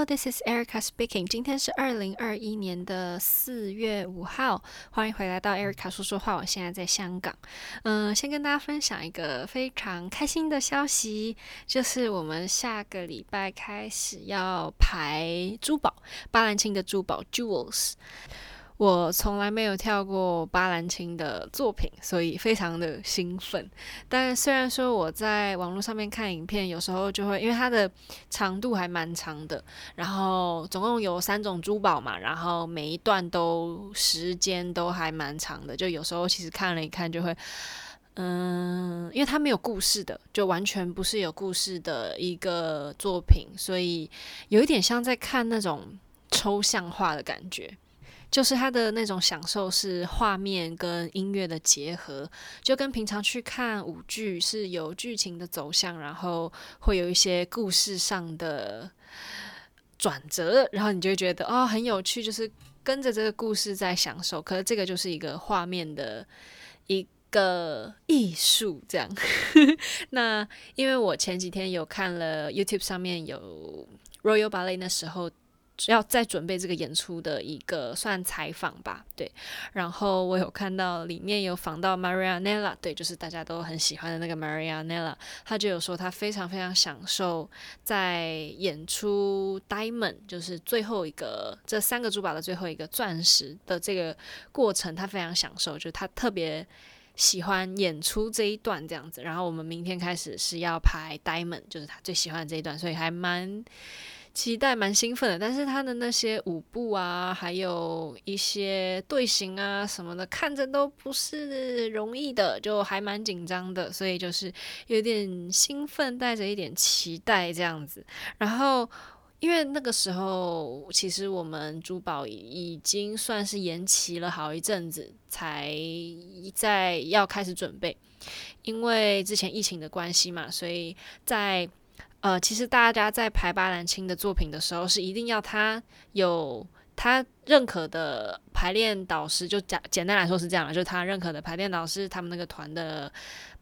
Hello, this is Erica speaking. 今天是二零二一年的四月五號，歡迎回來到 Erica 說說話。我現在在香港。嗯，先跟大家分享一個非常開心的消息，就是我們下個禮拜開始要排珠寶，巴蘭欽的珠寶 Jewels。Jew 我從來沒有跳過巴蘭欽的作品，所以非常的興奮。但雖然說我在網絡上面看影片，有時候就會因為它的長度還蠻長的，然後總共有三種珠寶嘛，然後每一段都時間都還蠻長的，就有時候其實看了一看就會，嗯，因為它沒有故事的，就完全不是有故事的一個作品，所以有一點像在看那種抽象畫的感覺。就是他的那種享受是畫面跟音樂的結合，就跟平常去看舞劇是有劇情的走向，然後會有一些故事上的轉折，然後你就會覺得哦，很有趣，就是跟着這個故事在享受。可是這個就是一個畫面的一個藝術，這樣。 那因為我前幾天有看了 YouTube 上面有 Royal Ballet 那時候。要再準備這個演出的一個算採訪吧，對。然後我有看到裡面有訪到 Marianela，對，就是大家都很喜歡的那個 Marianela，他就有說他非常非常享受在演出 Diamond，就是最後一個這三個珠寶的最後一個鑽石的這個過程，他非常享受，就是他特別喜歡演出這一段這樣子。然後我們明天開始是要排 Diamond，就是他最喜歡的這一段，所以還蠻。期待蠻興奮的，但是他的那些舞步啊，還有一些隊形啊什麼的，看着都不是容易的，就還蠻緊張的，所以就是有點興奮，帶着一點期待這樣子。然後因為那個時候，其實我們珠寶已經算是延期了好一陣子，才在要開始準備，因為之前疫情的關係嘛，所以在。呃，其實大家在排巴蘭欽的作品的時候，是一定要他有他認可的排練導師。就簡簡單來說是這樣了，就是他認可的排練導師，他們那個團的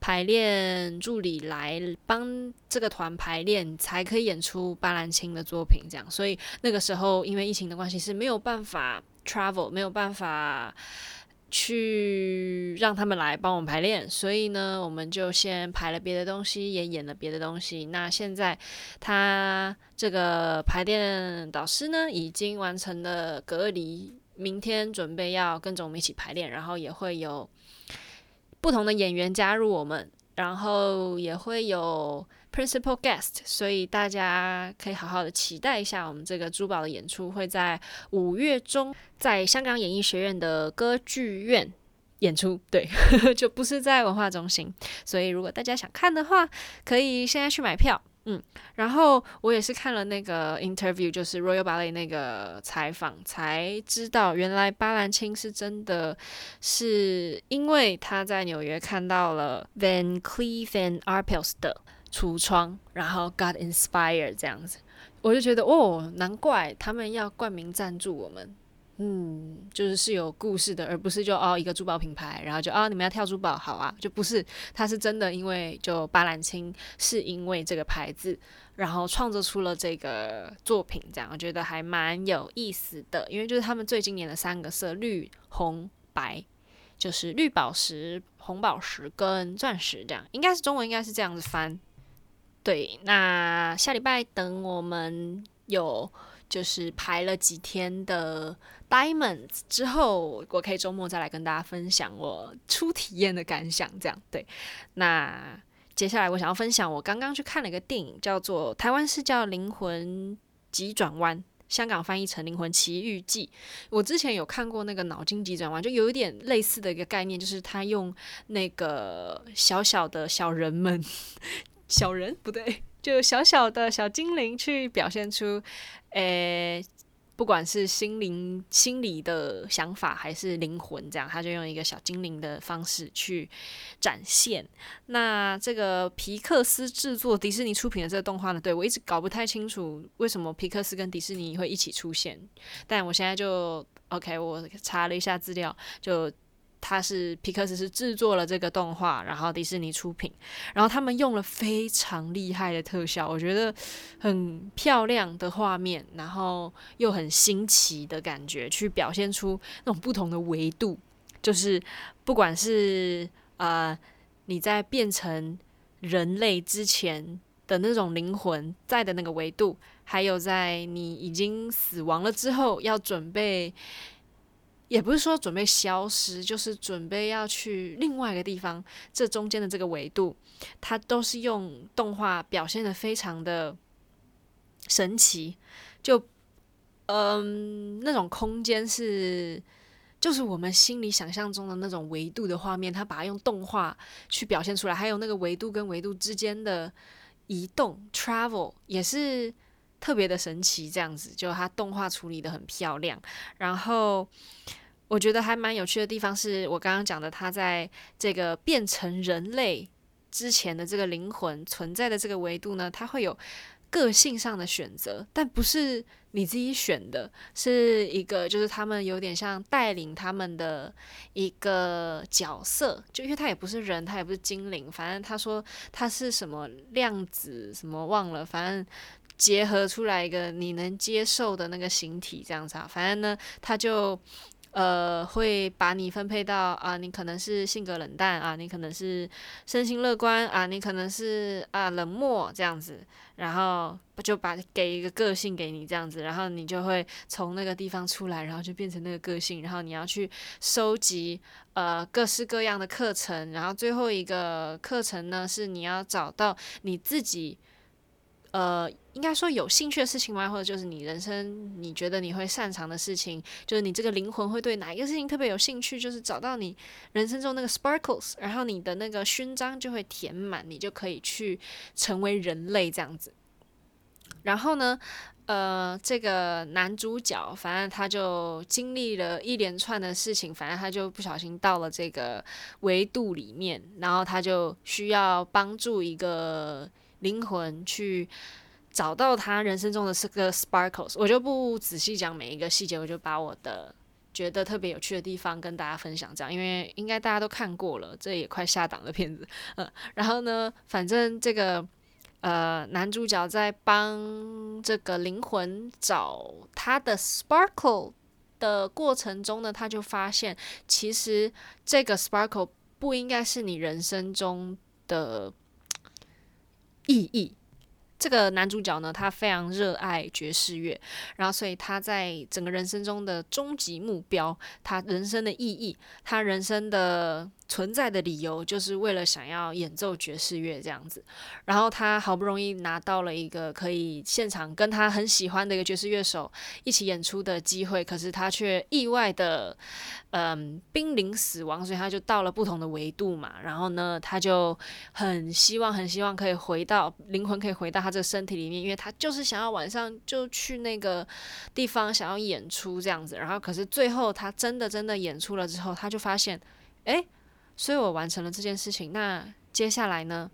排練助理來幫這個團排練，才可以演出巴蘭欽的作品。這樣，所以那個時候因為疫情的關係是沒有辦法 travel，沒有辦法。去讓他們來幫我們排練，所以呢，我們就先排了別的東西，也演了別的東西。那現在他這個排練導師呢，已經完成了隔離，明天準備要跟着我們一起排練，然後也會有不同的演員加入我們，然後也會有。Principal Guest，所以大家可以好好的期待一下我們這個珠寶的演出，會在五月中在香港演藝學院的歌劇院演出。對， 就不是在文化中心。所以如果大家想看的話，可以現在去買票。嗯，然後我也是看了那個 interview，就是 Royal Ballet 那個採訪，才知道原來巴蘭欽是真的是因為他在紐約看到了 Van Cleef and Arpels 的櫥窗，然後 got inspired 這樣子，我就覺得哦，難怪他們要冠名贊助我們，嗯，就是是有故事的，而不是就哦一個珠寶品牌，然後就哦你們要跳珠寶好啊，就不是，他是真的因為就巴蘭欽是因為這個牌子，然後創作出了這個作品，這樣我覺得還蠻有意思的，因為就是他們最經典的三個色，綠、紅、白，就是綠寶石、紅寶石跟鑽石這樣，應該是中文應該是這樣子翻。對，那下禮拜等我們有就是排了幾天的 Diamonds 之後，我可以周末再來跟大家分享我初體驗的感想。這樣對，那接下來我想要分享我剛剛去看了一個電影，叫做台灣是叫《靈魂急轉彎》，香港翻譯成《靈魂奇遇記》。我之前有看過那個《腦筋急轉彎》，就有一點類似的一個概念，就是他用那個小小的小人們。 小人不對，就小小的小精靈去表現出，誒、欸，不管是心靈、心理的想法，還是靈魂，這樣他就用一個小精靈的方式去展現。那這個皮克斯製作、迪士尼出品的這個動畫呢？對，我一直搞不太清楚為什麼皮克斯跟迪士尼會一起出現，但我現在就 OK，我查了一下資料就。它是皮克斯是製作了這個動畫，然後迪士尼出品，然後他們用了非常厲害的特效，我覺得很漂亮的畫面，然後又很新奇的感覺，去表現出那種不同的維度，就是不管是呃你在變成人類之前的那種靈魂在的那個維度，還有在你已經死亡了之後要準備。也不是說準備消失，就是準備要去另外一個地方。這中間的這個維度，它都是用動畫表現得非常的神奇。就，嗯、呃，那種空間是，就是我們心裡想象中的那種維度的畫面，它把它用動畫去表現出來。還有那個維度跟維度之間的移動，travel 也是。特別的神奇，這樣子，就它動畫處理得很漂亮。然後我覺得還蠻有趣的地方是，我剛剛講的，它在這個變成人類之前的這個靈魂存在的這個維度呢，它會有個性上的選擇，但不是你自己選的，是一個就是他們有點像帶領他們的一個角色，就因為他也不是人，他也不是精靈，反正他說他是什麼量子什麼忘了，反正。結合出來一個你能接受的那個形體，這樣子。反正呢，他就呃會把你分配到啊，你可能是性格冷淡啊，你可能是身心樂觀啊，你可能是啊冷漠這樣子，然後就把給一個個性給你這樣子，然後你就會從那個地方出來，然後就變成那個個性，然後你要去收集呃各式各樣的課程，然後最後一個課程呢是你要找到你自己。呃，應該說有興趣的事情嗎？或者就是你人生你覺得你會擅長的事情，就是你這個靈魂會對哪一個事情特別有興趣？就是找到你人生中那個 sparkles，然後你的那個勳章就會填滿，你就可以去成為人類這樣子。然後呢，呃，這個男主角反正他就經歷了一連串的事情，反正他就不小心到了這個維度裡面，然後他就需要幫助一個。靈魂去找到他人生中的四個 sparkles，我就不仔細講每一個細節，我就把我的覺得特別有趣的地方跟大家分享。這樣，因為應該大家都看過了，這也快下檔的片子。嗯，然後呢，反正這個呃，男主角在幫這個靈魂找他的 sparkle 的過程中呢，他就發現，其實這個 sparkle 不應該是你人生中的。意義。這個男主角呢，他非常熱愛爵士樂，然後所以他在整個人生中的終極目標，他人生的意義，他人生的存在的理由就是為了想要演奏爵士樂這樣子，然後他好不容易拿到了一個可以現場跟他很喜歡的一個爵士樂手一起演出的機會，可是他卻意外的，嗯，瀕臨死亡，所以他就到了不同的維度嘛。然後呢，他就很希望，很希望可以回到靈魂，可以回到他這個身體裡面，因為他就是想要晚上就去那個地方想要演出這樣子。然後可是最後他真的真的演出了之後，他就發現，哎、欸。所以我完成了這件事情。那接下來呢？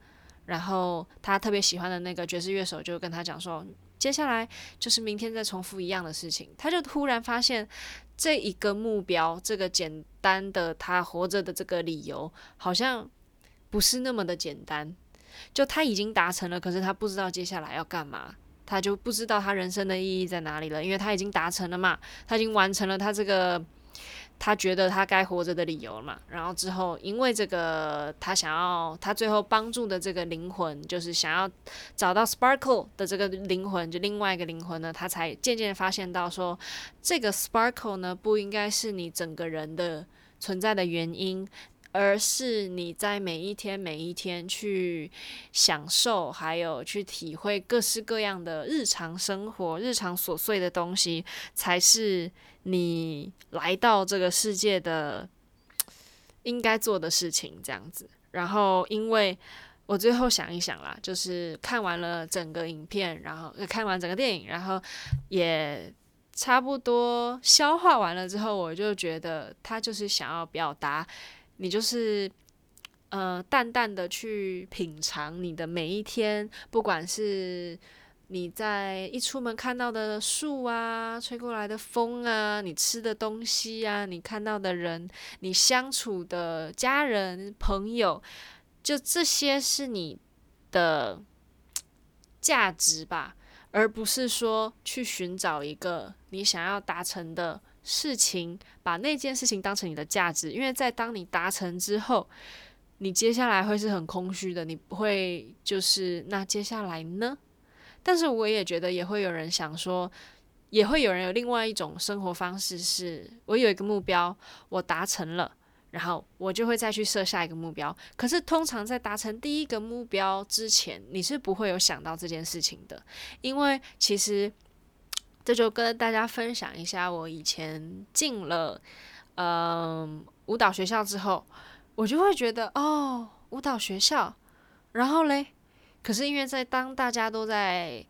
然後他特別喜歡的那個爵士樂手就跟他講說，接下來就是明天再重複一樣的事情。他就突然發現，這一個目標，這個簡單的他活着的這個理由，好像不是那麼的簡單。就他已經達成了，可是他不知道接下來要幹嘛，他就不知道他人生的意義在哪裡了，因為他已經達成了嘛，他已經完成了他這個。他覺得他該活着的理由嘛，然後之後，因為這個，他想要他最後幫助的這個靈魂，就是想要找到 Sparkle 的這個靈魂，就另外一個靈魂呢，他才漸漸發現到說，這個 Sparkle 呢，不應該是你整個人的存在的原因，而是你在每一天每一天去享受，還有去體會各式各樣的日常生活、日常瑣碎的東西，才是。你來到這個世界的應該做的事情，這樣子。然後，因為我最後想一想啦，就是看完了整個影片，然後看完整個電影，然後也差不多消化完了之後，我就覺得他就是想要表達，你就是呃，淡淡的去品嘗你的每一天，不管是，你在一出門看到的樹啊，吹過來的風啊，你吃的東西啊，你看到的人，你相處的家人朋友，就這些是你的價值吧，而不是說去尋找一個你想要達成的事情，把那件事情當成你的價值，因為在當你達成之後，你接下來會是很空虛的，你不會就是那接下來呢？但是我也覺得也會有人想說，也會有人有另外一種生活方式，是：我有一個目標，我達成了，然後我就會再去設下一個目標。可是通常在達成第一個目標之前，你是不會有想到這件事情的，因為其實這就跟大家分享一下，我以前進了嗯、呃、舞蹈學校之後，我就會覺得哦，舞蹈學校，然後嘞。可是因為，在當大家都在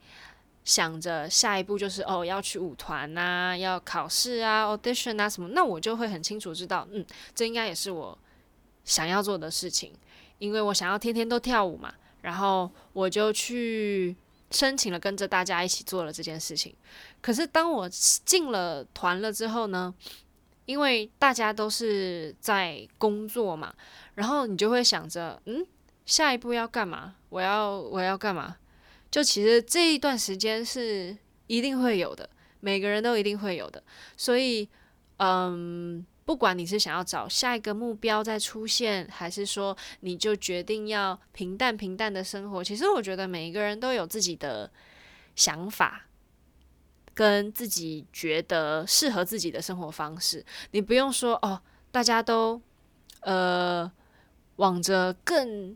想着下一步就是哦要去舞團吶、啊、要考試啊、audition 啊什麼，那我就會很清楚知道，嗯，這應該也是我想要做的事情，因為我想要天天都跳舞嘛。然後我就去申請了，跟着大家一起做了這件事情。可是當我進了團了之後呢，因為大家都是在工作嘛，然後你就會想着，嗯。下一步要幹嘛？我要我要幹嘛？就其實這一段時間是一定會有的，每個人都一定會有的。所以，嗯，不管你是想要找下一個目標再出現，還是說你就決定要平淡平淡的生活，其實我覺得每一個人都有自己的想法，跟自己覺得適合自己的生活方式。你不用說哦，大家都呃往着更。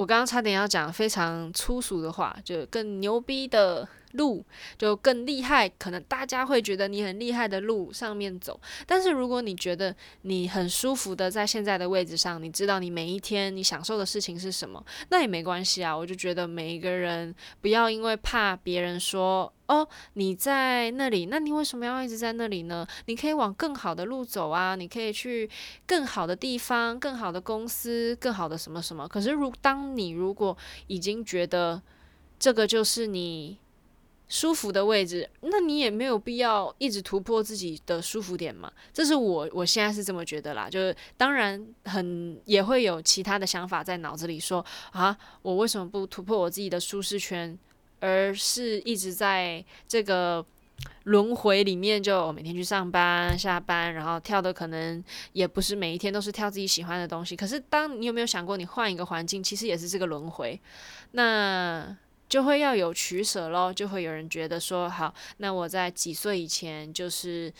我剛剛差點要講非常粗俗的話，就更牛逼的。路就更厲害，可能大家會覺得你很厲害的路上面走，但是如果你覺得你很舒服的在現在的位置上，你知道你每一天你享受的事情是什麼，那也沒關係啊。我就覺得每一個人不要因為怕別人說哦，你在那裡，那你為什麼要一直在那裡呢？你可以往更好的路走啊，你可以去更好的地方、更好的公司、更好的什麼什麼。可是如當你如果已經覺得這個就是你。舒服的位置，那你也沒有必要一直突破自己的舒服點嘛？這是我我現在是這麼覺得啦。就是當然很也會有其他的想法在腦子裡說啊，我為什麼不突破我自己的舒適圈，而是一直在這個輪回裡面，就每天去上班、下班，然後跳的可能也不是每一天都是跳自己喜歡的東西。可是當你有沒有想過，你換一個環境，其實也是這個輪回。那。就會要有取捨咯就會有人覺得說好，那我在幾歲以前就是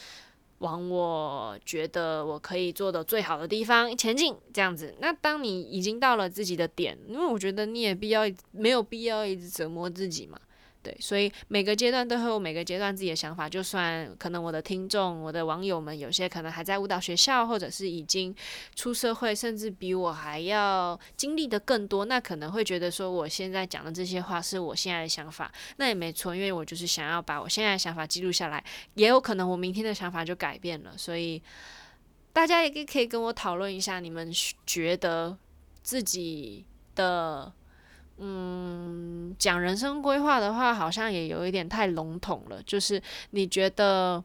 往我覺得我可以做的最好的地方前進，這樣子。那當你已經到了自己的點，因為我覺得你也必要，沒有必要一直折磨自己嘛。對，所以每個階段都會有每個階段自己的想法。就算可能我的聽眾、我的網友們，有些可能還在舞蹈學校，或者是已經出社會，甚至比我還要經歷的更多，那可能會覺得說我現在講的這些話是我現在的想法，那也沒錯，因為我就是想要把我現在的想法記錄下來。也有可能我明天的想法就改變了，所以大家也可以跟我討論一下，你們覺得自己的。嗯，講人生規劃的話，好像也有一點太籠統了。就是你覺得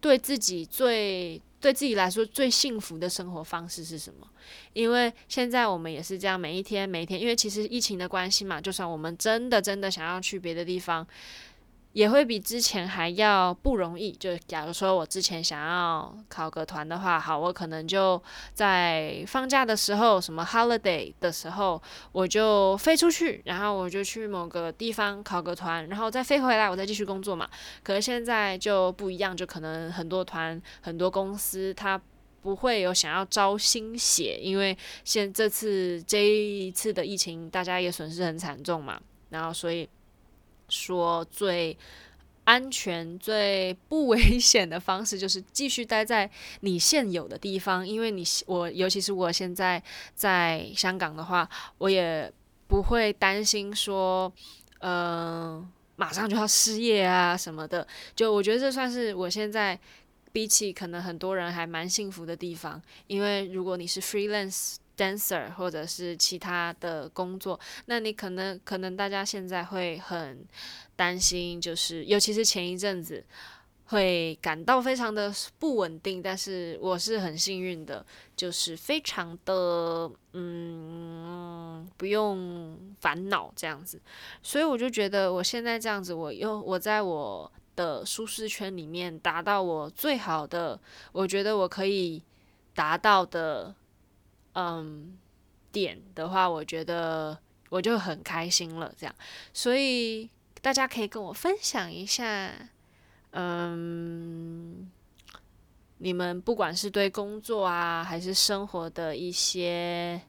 對自己最、對自己來說最幸福的生活方式是什麼？因為現在我們也是這樣，每一天、每一天，因為其實疫情的關係嘛，就算，是、我們真的、真的想要去別的地方。也會比之前還要不容易。就假如說我之前想要考個團的話，好，我可能就在放假的時候，什麼 holiday 的時候，我就飛出去，然後我就去某個地方考個團，然後再飛回來，我再繼續工作嘛。可是現在就不一樣，就可能很多團、很多公司它不會有想要招新血，因為現在這次這一次的疫情，大家也損失很慘重嘛，然後所以。說最安全、最不危險的方式就是繼續待在你現有的地方，因為你，我，尤其是我現在在香港的話，我也不會擔心說，嗯、呃，馬上就要失業啊什麼的。就我覺得這算是我現在比起可能很多人還蠻幸福的地方，因為如果你是 freelance。dancer，或者是其他的工作，那你可能可能大家現在會很擔心，就是尤其是前一陣子會感到非常的不穩定。但是我是很幸運的，就是非常的嗯，不用煩惱這樣子。所以我就覺得我現在這樣子我，我又我在我的舒適圈裡面達到我最好的，我覺得我可以達到的。嗯，點的話，我覺得我就很開心了。這樣，所以大家可以跟我分享一下，嗯，你們不管是對工作啊，還是生活的一些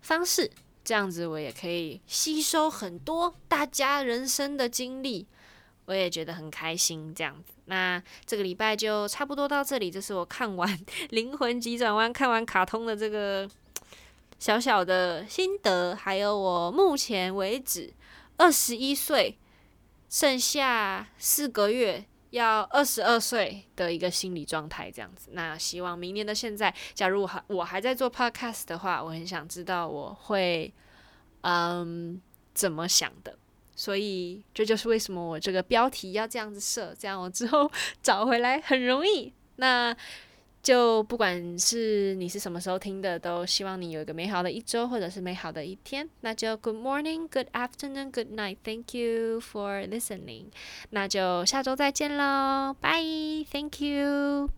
方式，這樣子我也可以吸收很多大家人生的經歷。我也覺得很開心，這樣子。那這個禮拜就差不多到這裡，就是我看完《靈魂急轉彎》看完卡通的這個小小的心得，還有我目前為止二十一歲，剩下四個月要二十二歲的一個心理狀態，這樣子。那希望明年的現在，假如我還我還在做 Podcast 的話，我很想知道我會嗯怎麼想的。所以這就是為什麼我這個標題要這樣子設，這樣我之後找回來很容易。那就不管是你是什麼時候聽的，都希望你有一個美好的一週，或者是美好的一天。那就 Good morning，Good afternoon，Good night，Thank you for listening。那就下週再見嘍，bye，Thank you。